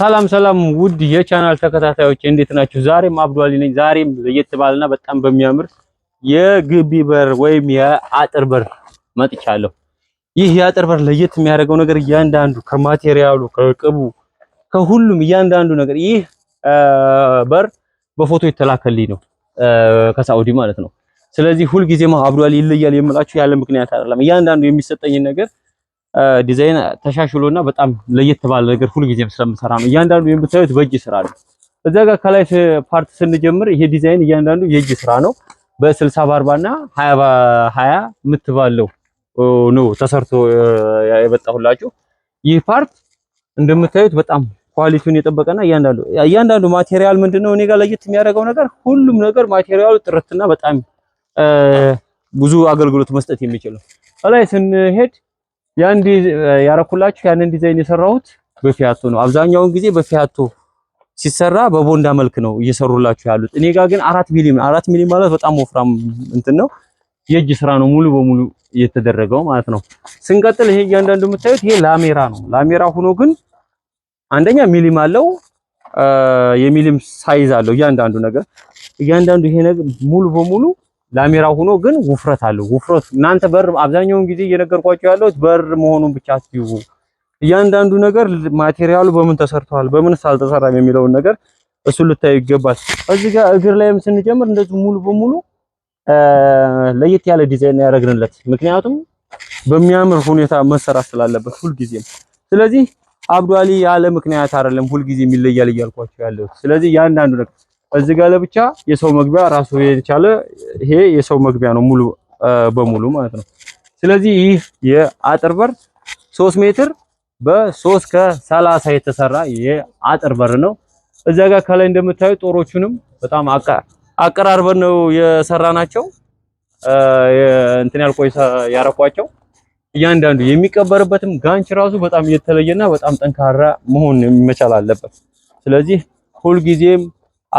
ሰላም ሰላም ውድ የቻናል ተከታታዮች እንዴት ናችሁ? ዛሬም አብዱ አሊ ነኝ። ዛሬም ለየት ባለና በጣም በሚያምር የግቢ በር ወይም የአጥር በር መጥቻለሁ። ይህ የአጥር በር ለየት የሚያደርገው ነገር እያንዳንዱ ከማቴሪያሉ፣ ከቅቡ፣ ከሁሉም እያንዳንዱ ነገር ይህ በር በፎቶ የተላከልኝ ነው ከሳውዲ ማለት ነው። ስለዚህ ሁልጊዜማ አብዱ አሊ ይለያል የምላችሁ ያለ ምክንያት አይደለም። እያንዳንዱ የሚሰጠኝን ነገር ዲዛይን ተሻሽሎና በጣም ለየት ባለ ነገር ጊዜ ስለምሰራ ነው። እያንዳንዱ የምታዩት በእጅ ስራ ነው። እዛ ጋር ከላይ ፓርት ስንጀምር ይሄ ዲዛይን እያንዳንዱ የእጅ ስራ ነው። 60 በ40 እና 20 20 የምትባለው ነው ተሰርቶ የመጣሁላችሁ። ይህ ፓርት እንደምታዩት በጣም ኳሊቲውን የጠበቀና እያንዳንዱ እያንዳንዱ ማቴሪያል ምንድነው እኔ ጋር ለየት የሚያደርገው ነገር ሁሉም ነገር ማቴሪያሉ ጥርትና በጣም ብዙ አገልግሎት መስጠት የሚችል ነው። ከላይ ስንሄድ ያን ያረኩላችሁ ያንን ዲዛይን የሰራሁት በፊያቶ ነው። አብዛኛውን ጊዜ በፊያቶ ሲሰራ በቦንዳ መልክ ነው እየሰሩላችሁ ያሉት። እኔ ጋር ግን አራት ሚሊ አራት ሚሊ ማለት በጣም ወፍራም እንትን ነው፣ የእጅ ስራ ነው ሙሉ በሙሉ እየተደረገው ማለት ነው። ስንቀጥል ይሄ እያንዳንዱ የምታዩት ይሄ ላሜራ ነው። ላሜራ ሆኖ ግን አንደኛ ሚሊም አለው የሚሊም ሳይዝ አለው እያንዳንዱ ነገር እያንዳንዱ ይሄ ነገር ሙሉ በሙሉ ላሜራ ሆኖ ግን ውፍረት አለው። ውፍረት እናንተ በር አብዛኛውን ጊዜ እየነገርኳቸው ያለሁት በር መሆኑን ብቻ አትዩ። እያንዳንዱ ነገር ማቴሪያሉ በምን ተሰርቷል፣ በምንስ አልተሰራም የሚለውን ነገር እሱ ልታዩ ይገባል። እዚህ ጋር እግር ላይም ስንጀምር እንደዚህ ሙሉ በሙሉ ለየት ያለ ዲዛይን ያደረግንለት ምክንያቱም በሚያምር ሁኔታ መሰራት ስላለበት ሁልጊዜም። ስለዚህ አብዱ አሊ ያለ ምክንያት አይደለም ሁልጊዜም ይለያል እያልኳቸው ያለሁት። ስለዚህ እያንዳንዱ ነገር እዚህ ጋር ለብቻ የሰው መግቢያ ራሱ የቻለ ይሄ የሰው መግቢያ ነው ሙሉ በሙሉ ማለት ነው። ስለዚህ ይህ የአጥር በር 3 ሜትር በ3 ከ30 የተሰራ የአጥር በር ነው። እዛ ጋር ከላይ እንደምታዩ ጦሮቹንም በጣም አቀራርበን ነው የሰራናቸው። እንትን ያልቆይ ያረኳቸው እያንዳንዱ የሚቀበርበትም ጋንች ራሱ በጣም የተለየና በጣም ጠንካራ መሆን መቻል አለበት። ስለዚህ ሁልጊዜም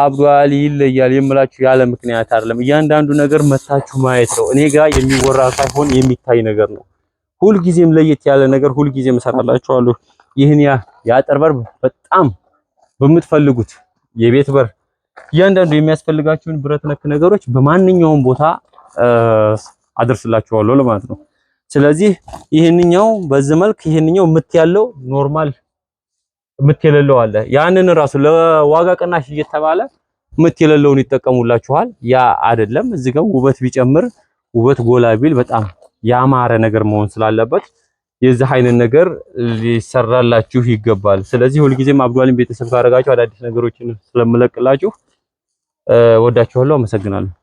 አብዷል ይለያል የምላችሁ ያለ ምክንያት አይደለም። እያንዳንዱ ነገር መታችሁ ማየት ነው። እኔ ጋር የሚወራ ሳይሆን የሚታይ ነገር ነው። ሁልጊዜም ለየት ያለ ነገር ሁልጊዜም እሰራላችኋለሁ። ይህን የአጥር በር በጣም በምትፈልጉት የቤት በር እያንዳንዱ የሚያስፈልጋችሁን ብረት ነክ ነገሮች በማንኛውም ቦታ አደርስላችኋለሁ ለማለት ነው። ስለዚህ ይህንኛው በዚህ መልክ ይህንኛው ምት ያለው ኖርማል ምት አለ። ያንን ራሱ ለዋጋ ቅናሽ እየተባለ ምት የሌለውን ይጠቀሙላችኋል። ያ አይደለም። እዚህ ጋር ውበት ቢጨምር ውበት ጎላ ቢል በጣም ያማረ ነገር መሆን ስላለበት የዚህ አይነት ነገር ሊሰራላችሁ ይገባል። ስለዚህ ሁልጊዜም አብዱአሊም ቤተሰብ ካደረጋችሁ አዳዲስ ነገሮችን ስለምለቅላችሁ ወዳችኋለሁ። አመሰግናለሁ።